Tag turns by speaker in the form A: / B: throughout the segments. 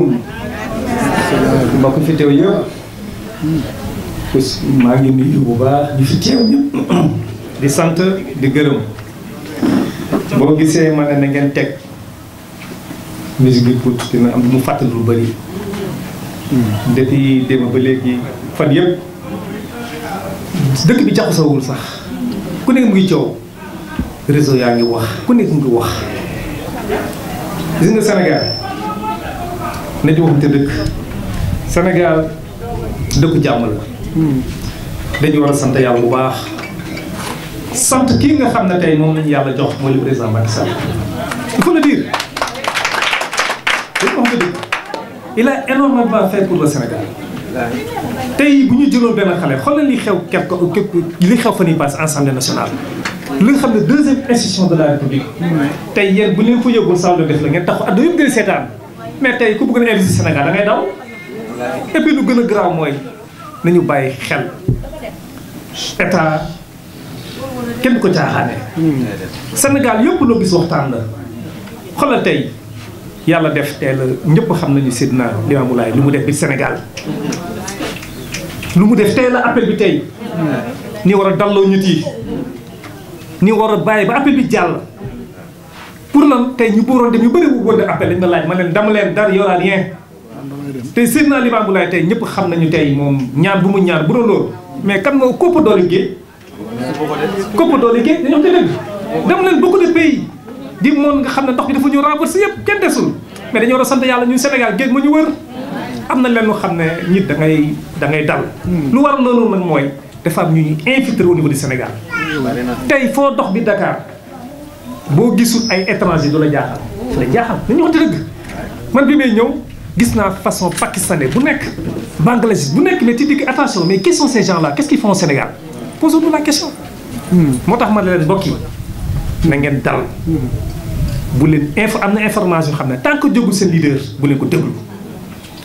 A: salaamaaleykum mbokk fi teew maa ngi nuyu bu baax di fi teew di sant di gërëm boo gisee ma ne ngeen teg musique bi pour dina am lu mu fàttali lu bëri depuis démb ba léegi fan yëpp dëkk bi jaxasawul sax ku nekk mu ngi coow réseau yaa ngi wax ku nekk mu ngi wax gis nga Sénégal nañu waxante dëkk Sénégal dëkku jàmm la hmm. dañu war a sant yàlla bu baax sant kii nga xam ne tey moom lañu yàlla jox mooy le président Macky Sall il faut le dire dañu wax nga fait pour le Sénégal tey bu ñu jëloon benn xale xoolal li xew quelque képp li xew fan yii passe assemblée nationale li nga xam ne deuxième institution de la république hmm. tey yéen bu leen ko yëgoon Sall def la ngeen taxu adda yëpp gën seetaan mais tey ku bëgg a investir Sénégal da daw et puis lu gën a garaaw mooy nañu bàyyi xel état kenn ko caaxaane Sénégal yëpp loo gis waxtaan la xoolal tey yàlla def tey la ñëpp xam nañu Seydina Limaamu Laay lu mu def bi Sénégal lu mu def tey la appel bi tey ni war a dalloo ñu yi ni war a bàyyi ba appel bi jàll pour lan tey ñu bëroon dem ñu bëri wu wënde appel dañ la laaj ma leen dama leen dar yoraa rien te Seydina ñëpp xam nañu tey moom ñaar mu ñaar bu doon loolu mais kan nga koppa doole géej koppa doole géej dañoo ko dëgg dem leen beaucoup de pays moon nga xam ne ndox bi dafa ñu renversé yëpp kenn desul mais dañoo war a sant yàlla ñun ñu wër am na leen lu xam ne nit da ngay da ngay dal lu war loolu nag mooy dafa am ñu ñuy infiltré au niveau du Sénégal tey foo dox bi Dakar boo gisul ay étranger du la jaaxal du la jaaxal dañu waxante dëgg man bi may ñëw gis naa façon pakistanais bu nekk bangladesh bu nekk mais ti dikk attention mais qui sont ces gens là qu'est-ce qu'ils font au Sénégal la question hmm. moo tax ma ne leen mbokk yi ngeen dal bu leen info am na information xam ne tant que jógul seen leader bu leen ko déglu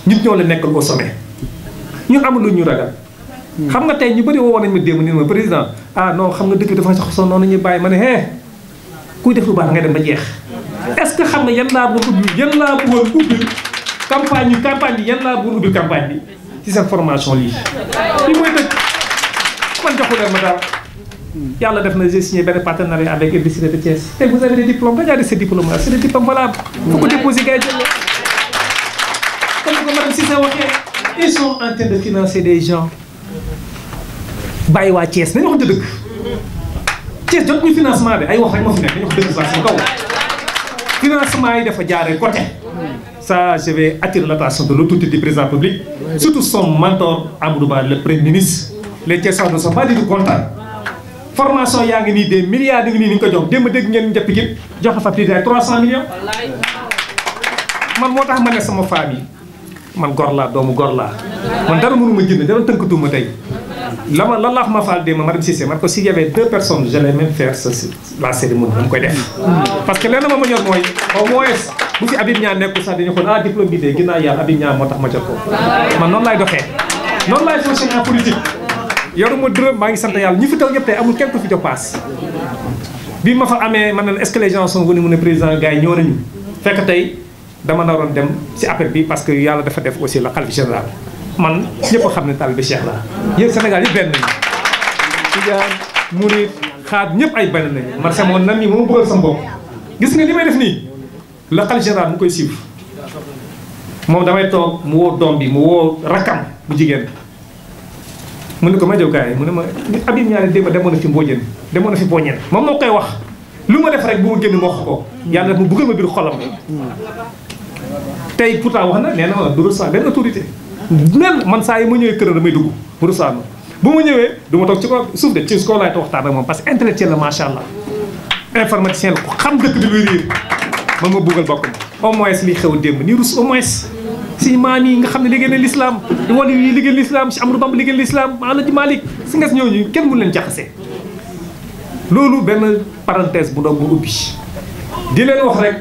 A: ñun ñoo la nekk au sommet ñun amul lu ñu ragal hmm. xam nga tey ñu bëri woo nañ ma démb ni ma président ah xam nga dëkk bi dafa soxla noonu ñuy bàyyi ma ne kuy def lu baax nga dem ba jeex est-ce que xam nga yan laa bëgg ubbi yan laa bëggoon ubbi campagne yu campagne bi yan laa bëggoon ubbi campagne bi ci seen formation lii lii mooy dëgg man joxu leen ma dara yàlla def na j'ai signé benn partenariat avec l'université de Thiès et vous avez des diplômes regardez ces diplômes là c'est des diplômes valables faut ko déposer gars jël comme ko madame Cissé waxee ils sont en train de financer des gens bàyyi waa Thiès nañu wax dëgg Thiès jot ñu financement bi ay wax rek moo fi nekk dañu wax dëgg saa kaw financement yi dafa jaare côté sa je vais attirer l'attention de l'autorité du président public surtout son mentor Amadou Ba le premier ministre les Thiessois ne sont pas du tout formation yaa ngi nii de milliards ngi nii ni ñu ko jox démb dégg ngeen njëpp gi joxe fa plus de 300 millions man moo tax ma ne sama famille man gor laa doomu gor laa man dara mënu ma jënd dara tënkatuma tey la ma lan laa ma faal démb ma dem Cissé man ko s'il y deux personnes j'allais même faire sa la cérémonie dama koy def. parce que lenn ma ma ñor mooy au moins bu si Habib Niang nekkul sax dañu xool ah diplôme bi de ginnaaw yàlla Habib Niang moo tax ma jot ko man noonu laay doxee noonu laay fonctionner en politique. yoruma maa ngi sant yàlla ñi fi toog ñëpp tey amul kenn ku fi jox paas bi ma fa amee man ne est-ce que les gens mu ne président gars yi ñëw nañu fekk tey dama naroon dem si appel bi parce que yàlla dafa def aussi la xalifa général. man ñëpp xam ne taalibe Cheikh la yéen Sénégal yi benn nañu. tijaan murit xaat ñëpp ay benn nañu man sama nam yi moom bëggal sama bopp gis nga li may def nii la xal général mu koy suivre moom damay toog mu woo doom bi mu woo rakkam bu jigéen. mu ni ko ma jokaay mu ne ma Habib Niang démb demoon na fi Mbodiène demoon na fi Boñeen moom moo koy wax lu ma def rek bu ma génn ma wax ko yàlla def ma bëggal ma biir xolam tey pourtant wax na nee na ma même man saa yi ma ñëwee kër damay dugg rusaanu bu ma ñëwee du ma toog ci kaw suuf de ci kaw laay waxtaan ak moom parce que intellectuel la macha allah informaticien la ku xam dëkk bi luy riir man ma buggal bokk au moins li xew démb nii rus au moins. si maam nga xam ne liggéey na lislaam wala yi liggéey lislaam si Amadou li liggéey lislaam Alaaji Malick si nga si ñooñu kenn mënu leen jaxase loolu benn parenthèse bu doon bu ubbi di leen wax rek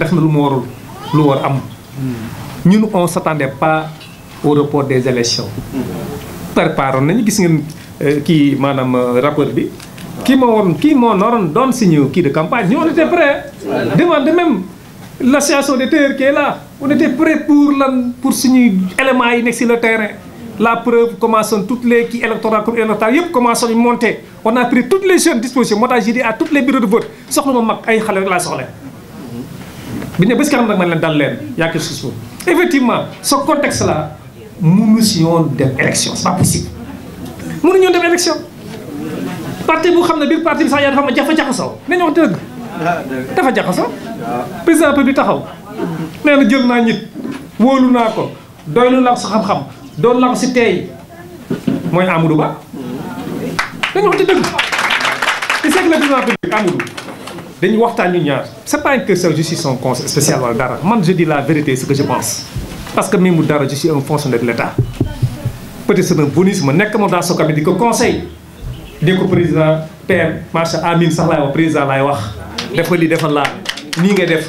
A: def na lu mu warul lu am hmm. ñun on s'attendait pas au report des élections préparé nañu gis ngeen euh, kii maanaam euh, rapport bi kii moo waroon kii moo naroon doon ñu kii de campagne ñu on était prêts demande même l'association des terres qui est là on était prêts pour lan pour suñuy éléments yi nekk si le terrain la preuve commence toutes les kii électorales comme électorales yëpp commence ñu monter on a pris toutes les jeunes dispositions moo tax j'ai dit à tous les bureaux de vote soxla ma mag ay xale rek laa soxla mhm. effectivement ce contexte là mënu si yoon def élection c'est pas possible parti bu xam ne biir parti bi sax yaa dafa ma jafa jaxasoo nañu wax dëgg dafa jaxasoo président bi taxaw nee na jël naa nit wóolu naa ko doylu naa ko sa xam-xam doon naa ko si teey mooy Amadou Ba dañu wax dëgg ci seeg la président public Amadou dañu waxtaan ñu ñaar c'est pas une question je suis son conseil spécial wala dara man je dis la vérité ce que je pense parce que même dara je suis un de l'État peut-être sama bonus ma nekk ma dans ce cabinet di ko conseil dégg ko président PM marché Amine sax laay wax président laay wax dafa li dafa laa nii nga def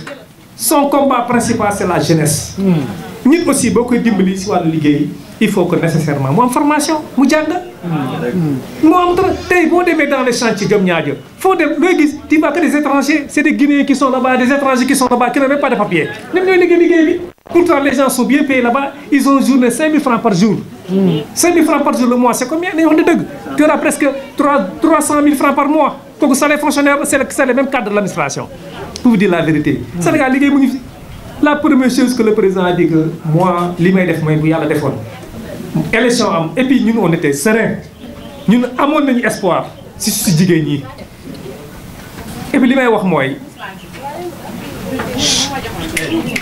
A: son combat principal c'est la jeunesse. ñun hmm. aussi boo koy dimbali si wàllu liggéey. il faut que nécessairement mu am formation mu jàng. Hmm. mu am dara tey demee dans les chantiers jom ñaajo foo dem looy gis tu que des étrangers c' des Guinéens qui sont là des étrangers qui sont là qui n'ont pas de papier. ñoom ñooy liggéey liggéey bi. pourtant les gens sont bien payés là ils ont journée hmm. francs par jour. le mois c' combien dañoo wax ne dëgg. tu presque 3 francs par mois kooku salaire fonctionnaire c' est le même cadre de l' administration. pour vous dire la vérité. Hmm. Sénégal liggéey mu ngi fi. la première chose que le président a dit may def mooy bu élection am et puis ñun on était serein ñun amoon nañu espoir si si jigéen ñi et li may wax mooy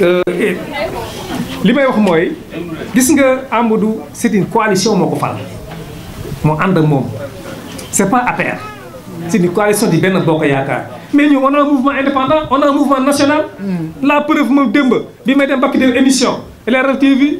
A: euh, li may wax mooy gis nga Amadou c'est une coalition moo ko fal moo ànd ak moom c'est pas APR c'est une coalition di benn bokk yaakaar mais ñu on a un mouvement indépendant on a mouvement national mm. la preuve moom démb bi may dem bakki dem émission LRTV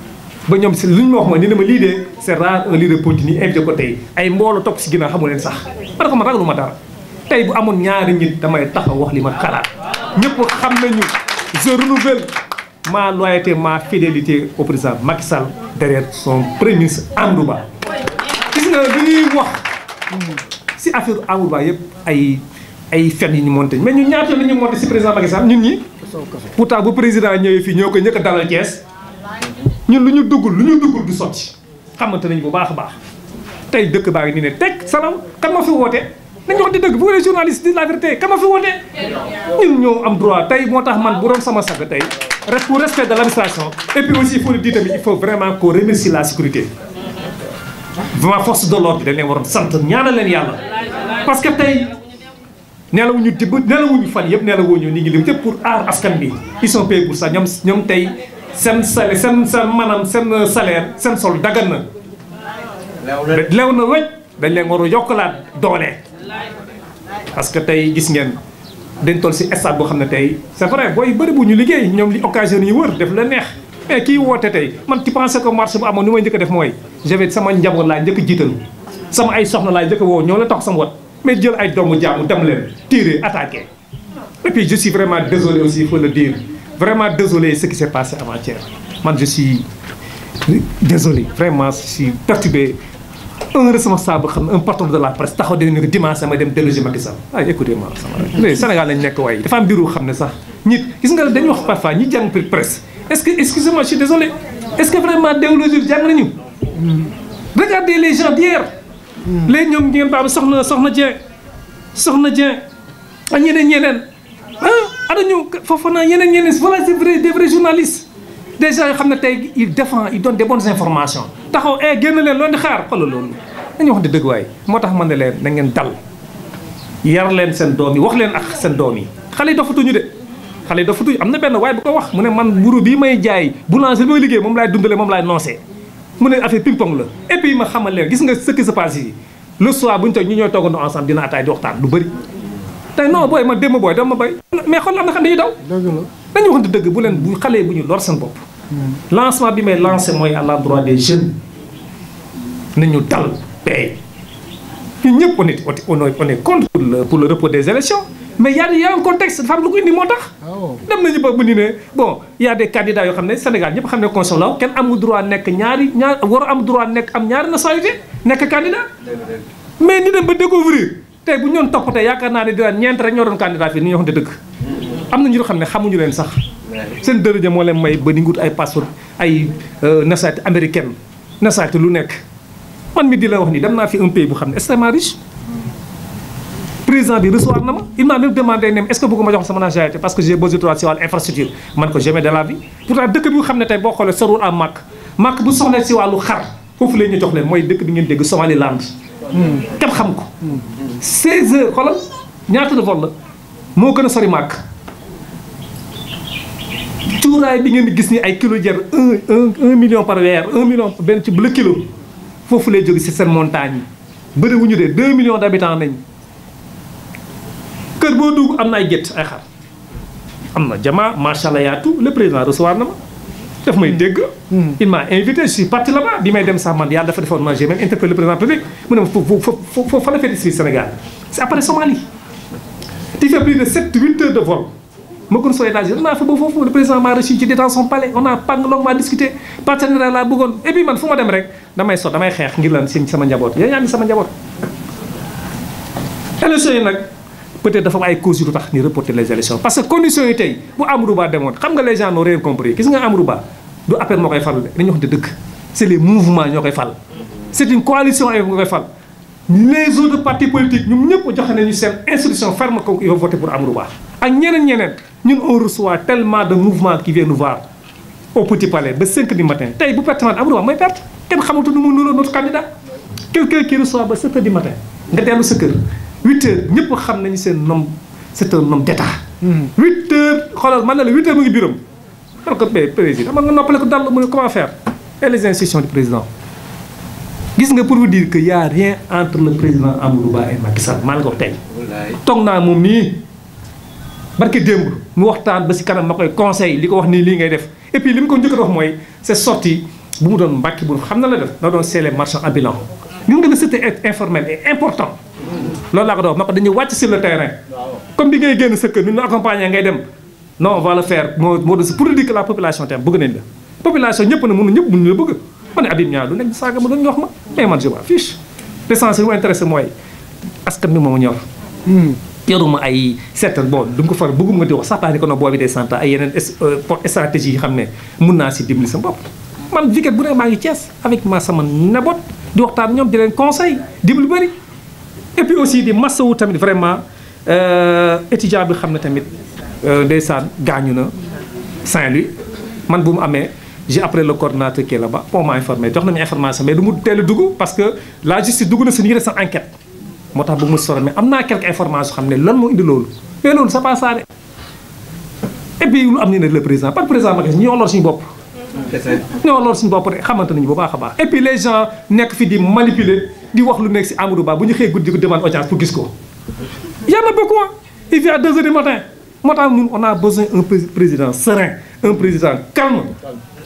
A: ba ñoom si lu ñu ma wax mooy ni ne ma lii de c'est rare un leader politique nii invité ko tey ay mbooloo topp si ginnaaw xamu leen sax parce que man ragalu dara tey bu amoon ñaari nit damay taxaw wax li ma xalaat ñëpp xam nañu je renouvelle ma loyauté ma fidélité au président Macky Sall derrière son premier ministre si affaire Amadou Ba yëpp ay ay fen yi ñu monté mais ñun ñaata la ñu monté si président Macky Sall ñun ñi pourtant bu président ñëwee fii ñoo ko ñëkk a dalal Thiès ñun lu ñu duggul lu ñu duggul du sotti xamante nañ bu baax a baax tey dëkk baa ngi nii ne teg salaw kan ma fi woote nañu wax di dëgg bu ko journaliste di la vérité kan ma fi woote ñun ñoo am droit tey moo tax man bu doon sama sag tey rek pour respect de l'administration et puis aussi il faut le il faut vraiment qu'on remercie la sécurité vraiment force de l'ordre bi dañ leen waroon sant ñaanal leen yàlla parce que tey nelawuñu dibb nelawuñu fan yëpp nelawuñu ñu ngi lim yëpp pour aar askan bi ils sont payés pour ça ñoom tey seen sale seen seen maanaam seen salaire seen sol dagan na lew na wécc dañ leen war a yokkalaat doole parce que tey gis ngeen dañ toll si stade boo xam ne tey c'est vrai booy bëri bu ñu liggéey ñoom li occasion yi wër def la neex mais kii woote tey man ci pensé ko marché bu amoon ni may njëkk a def mooy j'avais sama njaboot laa njëkk jiital sama ay soxna laa njëkk woo ñoo la tax sama wat mais jël ay doomu jaamu dem leen tiire attaque et puis je suis vraiment désolé aussi il faut le vraiment désolé ce qui s'est passé avant-hier man je suis désolé vraiment je suis perturbé un responsable xam ne un de la presse taxaw dañu ne dimanche ma dem déloger Macky Sall ay ah, écoutez ma sama Sénégal lañ nekk waaye dafa am biiru xam sax nit gis nga dañuy wax parfois ñi jàng prix presse est-ce que excusez je désolé est-ce que vraiment déologie jàng nañu regardez les gens d'hier hmm. les ñoom ngeen baam soxna soxna soxna Dieng ak ñeneen ñeneen ada ñu Fofana yeneen yeneen voilà c'est vrai des vrais journalistes des gens yoo xam ne tey il défend il donne des bonnes informations taxaw eh génn leen loolu di xaar xoolal loolu dañu wax di dëgg waay moo tax man ne leen na ngeen dal yar leen seen doom yi wax leen ak seen doom yi xale yi dofatuñu de xale yi dofatuñu am na benn waaye bu ko wax mu ne man mburu bii may jaay boulanger bi may liggéey moom laay dundale moom laay noosee mu ne affaire ping gis nga ce qui se passe yi le soir bëri tey non booy ma démb booy dama bay mais xool am na xam ne dañuy daw dañu waxante dëgg bu leen bu xale bu ñu lor seen bopp hmm. lancement bi may lancé mooy à l'endroit des jeunes nañu dal pay ñun ñëpp on est on est contre pour le report des élections mais y a y a un contexte dafa am lu ko indi moo tax ah dem nañu ba bu ñu ne bon y a des yoo xam ne Sénégal ñëpp xam ne consul la kenn amul droit nekk ñaari ñaar war am droit nekk am ñaari nationalité nekk candidat mais ni dem ba découvrir tey bu ñu doon toppatee yaakaar naa ne dinaan ñeent rek ñoo doon candidat fii ni ñu xam ne xamuñu leen sax seen dërëje moo leen may ba ay passeport ay euh, nationalité américaine nationalité lu nekk man mi di la wax nii dem naa fi un pays bu xam ne extrêmement riche président bi recevoir na ma il m'a même demandé ne est-ce que bëgg ma a sama nationalité parce que j'ai besoin de si wàllu infrastructure man ko jamais de la vie pourtant dëkk bi nga xam ne tey boo xoolee ñu jox leen mooy dëkk bi ngeen dégg Somaliland hmm. kenn ko 16 heures xoolal ñaata de la moo gën a sori màkk cuuraay bi ngeen di gis ni ay kilo jar un un un million par weer un million benn ci bu la kilo foofu lay jóge ci seen montagne yi bëri wu ñu de deux millions d'habitants nañ kër boo dugg am na ay get ay xar am na jamaa macha allah yaatu le président recevoir na ma. daf may dégg. Hmm. il m'a invité je parti là-bas bi may dem sax man yàlla dafa defoon man j'ai même interpellé le président public mu ne ma foofu foofu foofu la a fait ba foofu président m'a reçu ci dans son palais on a pang longuement discuté partenariat laa bëggoon et puis man fu ma dem rek damay so damay xeex ngir lan si sama njaboot yéen ñaa ngi sama njaboot élection yi nag. peut-être dafa am ay causes yu tax ñu reporter les élections parce que conditions yi tey bu Amadou Ba demoon xam nga les gens n'ont rien compris gis nga Amadou Ba du appel moo koy fal dañuy wax dëgg c'est les mouvements ñoo koy fal. c'est une coalition ay moo koy fal les autres partis politiques ñun ñëpp joxe nañu seen instruction ferme ko ils vont voter pour Amadou Ba. ak ñeneen ñeneen ñun on reçoit tellement de mouvements qui viennent nous voir au Petit Palais ba 5 du matin tey bu perte Amadou Ba huit heures ñëpp xam nañu seen nom c'est un homme d'état. Hmm. huit heures xoolal man na la huit heures mu ngi biiram. man ko président man nga noppalee ko dal mu ne comment faire et les institutions du président. gis nga pour vous dire que y a rien entre le président Amadou Ba et Macky Sall maa la ko tey. toog naa moom nii barke démb mu waxtaan ba si kanam ma koy conseil li ko wax nii lii ngay def et puis li mu ko njëkk a wax mooy c'est sorti bu mu doon mbàkki bu xam na la def na doon c'est les marchands gis nga le secteur informel est important loolu laa ko doon ma ko dañuy wàcc sur le terrain comme bi ngay génn sa kër ñu nu ngay dem non on va le faire moo moo de pour dire que la population tam bëgg nañ la population ñëpp na mënu ñëpp mënu la bëgg ma ne Habib Niang intéressé mooy askan bi moom ñor hmm. yoruma ay certain bon du ko far bëggum nga di wax sax baax ni ko no boobi des cent ay yeneen euh, stratégie yi xam ne mun naa si dimbali sa bopp man viket bu ne di waxtaan ñoom di leen conseil di lu bëri et aussi di masawu tamit vraiment euh, étudiant bi xam ne tamit euh, ndeysaan gaañu na Saint-Louis man bu mu amee j'ai appelé le coordonnateur qui est là-bas on m'a informé jox nañu information mais du mu teel a parce que la justice dugg na suñu sa enquête moo tax bu mu sore mais am naa quelques information xam ne lan moo indi loolu mais loolu c'est pas ça de et puis lu am ni ne le président par président Macky bopp non loolu suñu bopp rek xamante nañu bu baax a baax et puis les gens nekk fi di manipuler di wax lu nekk si Amadou Ba bu ñu xëyee guddi ko demande audience pour gis ko y en a beaucoup il vient à deux heures matin moo tax ñun on a besoin un président serein un président calme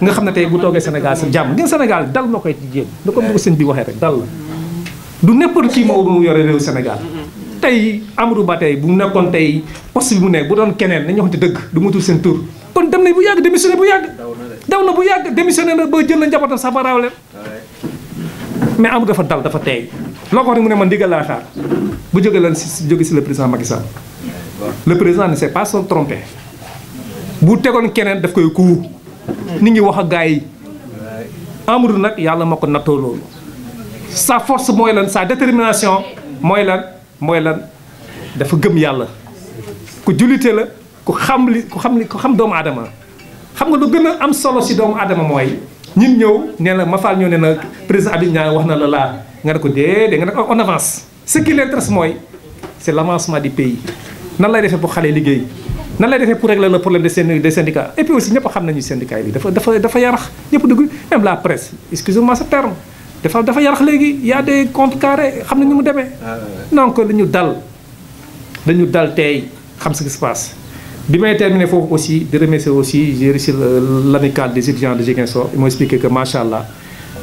A: nga xam ne tey bu toogee Sénégal si jàmm ngeen Sénégal dal moo koy jéem da ko bëgg bi waxee rek dal la du n'importe qui moo mu yore réew Sénégal tey Amadou Ba tey bu mu nekkoon tey poste bi mu nekk bu doon keneen nañu waxante dëgg du mu seen tur kon dem nañ bu yàgg démissionné daw na bu yàgg démissionné na ba jël na njabootam sax ba leen mais Amadou dafa dal dafa teey loo ko wax mu ne man ndigal laa xaar bu jóge lan si jóge si le président Macky Sall le président ne s'est pas son trompé bu tegoon keneen daf koy kuwu ni ngi wax ak gars yi Amadou nag yàlla ma ko nattoo loolu sa force mooy lan sa détermination mooy lan mooy lan dafa gëm yàlla ku jullite la ku xam li ku xam li ku xam doomu aadama xam nga lu gën a am solo si doomu aadama mooy ñun ñëw nee na ma faal ñëw nee na président Habib Niang wax na la laa nga ne ko déedéet nga ne ko on avance ce qui l'intéresse mooy c' est l' avancement du pays nan lay defee pour xale liggéey nan lay defee pour régler le problème des des syndicats et puis aussi ñëpp xam nañu syndicat yi dafa dafa dafa yarax ñëpp dugg même la presse excusez-moi ce terme dafa dafa yarax léegi y a des comptes xam xam ñu mu demee ah, donc dañu dal dañu dal tey xam ce qui bi may terminer foofu aussi di remercier aussi j'ai reçu l'amicale des étudiants de Ziguinchor ils m'ont expliqué que macha allah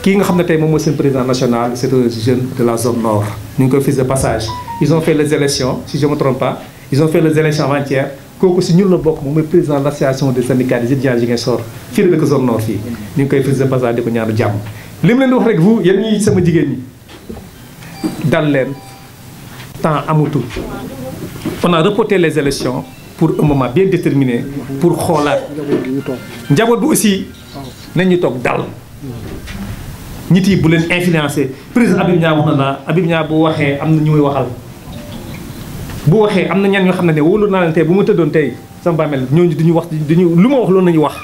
A: kii nga xam ne tay moom mooy seen président national c'est un jeune de la zone nord ñu ngi koy fils de passage ils ont fait les élections si je me ils ont fait les élections avant kooku si ñun la bokk moom mooy président de l'association des syndicats des de Ziguinchor fii la dëkk zone nord fii ñu ngi koy fils de passage di ko ñaanu jàmm li mu leen di wax rek vous yéen ñi sama pour un moment bien déterminé pour xoolaat njaboot bi aussi nañu toog dal nit yi bu leen influencé président Habib Niang wax na la Habib bu waxee am na ñu muy waxal waxee am na ñoo xam ne ne wóolu naa leen tey bu ma tëddoon tey sama bàmmeel ñooñu duñu wax duñu lu ma wax loolu nañu wax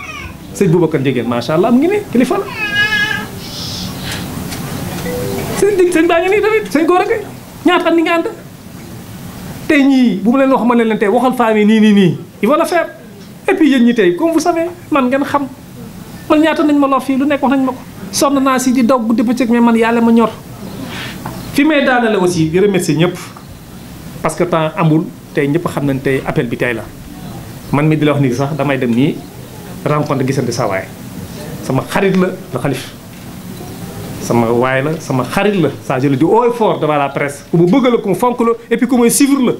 A: sëñ Boubacar Ndiéguène macha allah mu ngi ne kilifa la sëñ dig sëñ ngi nii tamit sëñ góor ak ñaata ni nga ànd tey ñii bu mu leen wax ma ne leen tey waxal femme yi nii nii nii ils vont la faire et puis ñi tey comme vous savez man ngeen xam man ñaata nañ ma lor fii lu nekk wax nañ ma ko sonn naa si di daw guddi bëccëg mais man yàlla ma ñor fi may daanale aussi di remercier ñëpp parce que temps amul tey ñëpp xam nañ tey appel bi tey la man mi di la wax nii sax damay dem nii rencontre gisante sa waay sama xarit la la xalif sama waaye la sama xarit la ça je le dis haut et fort la presse ku mu bëgg la ku mu fonk la et puis ku may suivre la.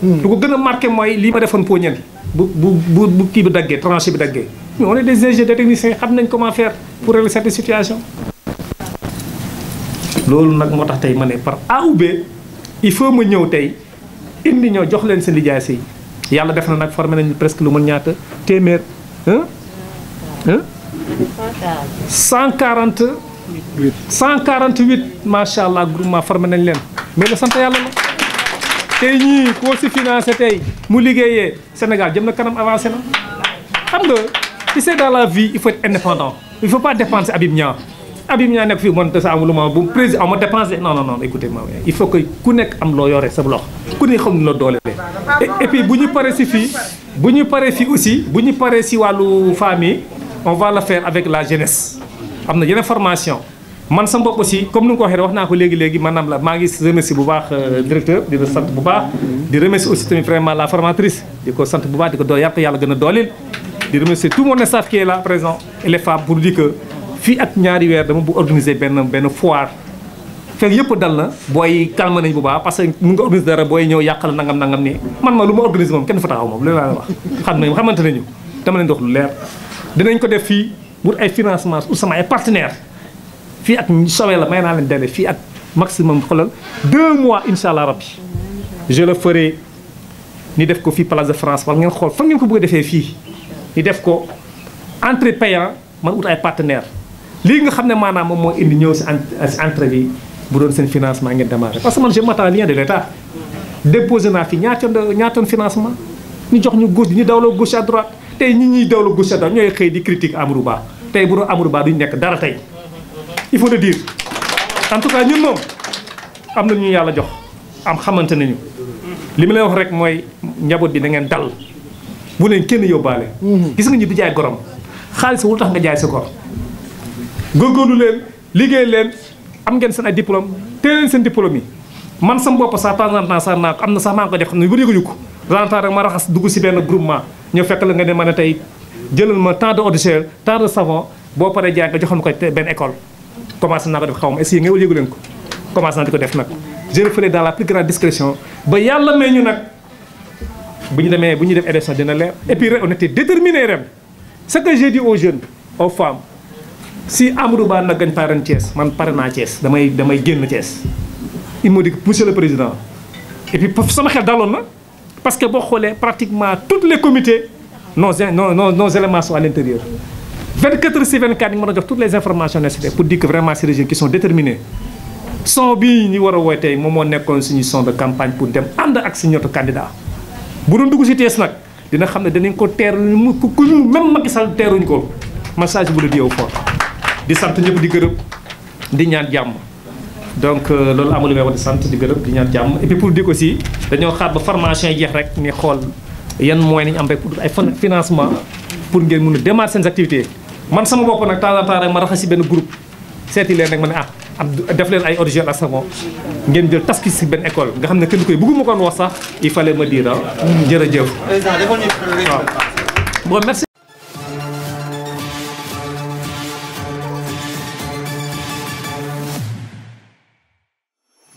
A: Hmm. ko gën a marqué mooy lii ma defoon poñal bu bu bu bu kii bi daggee tranché bi daggee mais on est des ingénieurs des techniciens xam nañ comment faire pour régler cette situation. loolu nag moo tax tey ma ne par A ou il faut ma ñëw tey indi ñoo jox leen seen lijaasa si yàlla def na nag forme nañu presque lu mën ñaata téeméer. 140 140. cent 148 macha allah groupement formé nañ leen mais la sant yàlla la tey ñii koo si financé tey mu liggéeyee Sénégal jëm na kanam avancé la xam nga i c'est dans la vie il faut être indépendant il faut pas dépenser Habib Niang Habib Niang nekk fii man sa amul ma bu président ma dépensé non non non écoutez ma il faut que ku nekk am loo yore sa loxo ku ne xam loo doole et bu ñu paree si fii bu ñu paree fii aussi bu ñu paree si wàllu famille on va le faire avec la jeunesse am na yeneen formation man sama bopp aussi comme ni nga ko waxee wax naa ko léegi léegi maanaam la maa ngi remercier bu baax euh, directeur di la sant bu baax. di remercier aussi tamit vraiment la formatrice di ko sant bu baax di ko dool yàlla yàlla gën a dooleel. di remercier tout mon staff qui est là présent et les femmes fii ak ñaari weer dama bu organiser benn benn foire. fekk yëpp dal na booy calme nañ bu baax parce que mun nga organiser dara booy ñëw yàqal nangam nangam nii man ma lu ma organiser moom kenn fa taxaw moom loolu laa wax. xam nañu xamante nañu dama leen di lu leer dinañ ko def fii wut ay financement pour sama ay partenaires. fii ak sawee la may naa leen délai fii ak maximum xoolal deux mois incha allah rabbi je le ferai ni def ko fii place de France wala ngeen xool fan ngeen ko bëgg defee fii ni def ko entrée payant man ut ay partenaire lii nga xam ne maanaam moom moo indi ñëw si si entrée bi bu doon seen financement ngeen démarré parce que man je m'attends rien de l'état déposé naa fi ñaatoon ñaatoon financement ñu jox ñu gauche ñu dawloo gauche à droite tey ñi ñuy dawloo gauche à droite ñooy xëy di critique Amadou Ba bu doon Amadou Ba duñ nekk dara tey il faut le dire en tout ñun moom am na ñu yàlla jox am xamante nañu li ma leen wax rek mooy njaboot bi na ngeen dal bu leen kenn yóbbaale. Mhm. gis nga ñu di jaay gorom xaalis wul tax nga jaay sa gor góorgóorlu leen liggéey leen am ngeen seen ay diplôme tee leen man sam bopp sax temps en temps sax naa am na sax maa ko def xam ne bu yëgu ko rentemps rek ma raxas dugg si benn groupement ñoo fekk la nga ne ma ne tey jëlal ma tant de eau de javel savon boo paree jaay nga joxoon ko benn école commencé naa ko def xaw ma essayé nga wala yëgu leen ko commencé naa di ko def nag je le dans la plus grande discrétion ba yàlla may ñu nag bu ñu demee bu ñu def élection dina leer et puis ren on était déterminé ren ce que j'ai dit aux jeunes aux femmes si Amadou Ba nag gañ pare ren man pare naa Thiès damay damay génn Thiès il m'a dit monsieur le président et puis sama xel daloon na parce que boo xoolee pratiquement tous les comités nos nos nos éléments sont à l'intérieur 24 heures sur 24 ñu mën a jox toutes les informations nécessaires pour dire vraiment c'est des jeunes qui sont déterminés son ñu war a wootee moom moo nekkoon suñu son de campagne pour dem ànd ak suñu ñotu candidat bu doon dugg si Thiès nag dina xam ne danañ ko teeru mu ku ñu même Macky ko massage bu la di yow fort di sant ñëpp di gërëm di ñaan jàmm donc euh, loolu amul may wax di sant di gërëm di ñaan jàmm et pour di ko si dañoo xaar ba formation yi jeex rek ni xool yan moyens nañu am rek pour ay financement pour ngeen mun a seen activités man sama bopp nag temps en temps rek ma raxas si benn groupe seeti leen rek ma ne ah am def leen ay eau de Javel ngeen jël tas ki si benn école nga xam ne kenn koy bëgguma koon wax sax il fallait ma dire ah jërëjëf waaw bon merci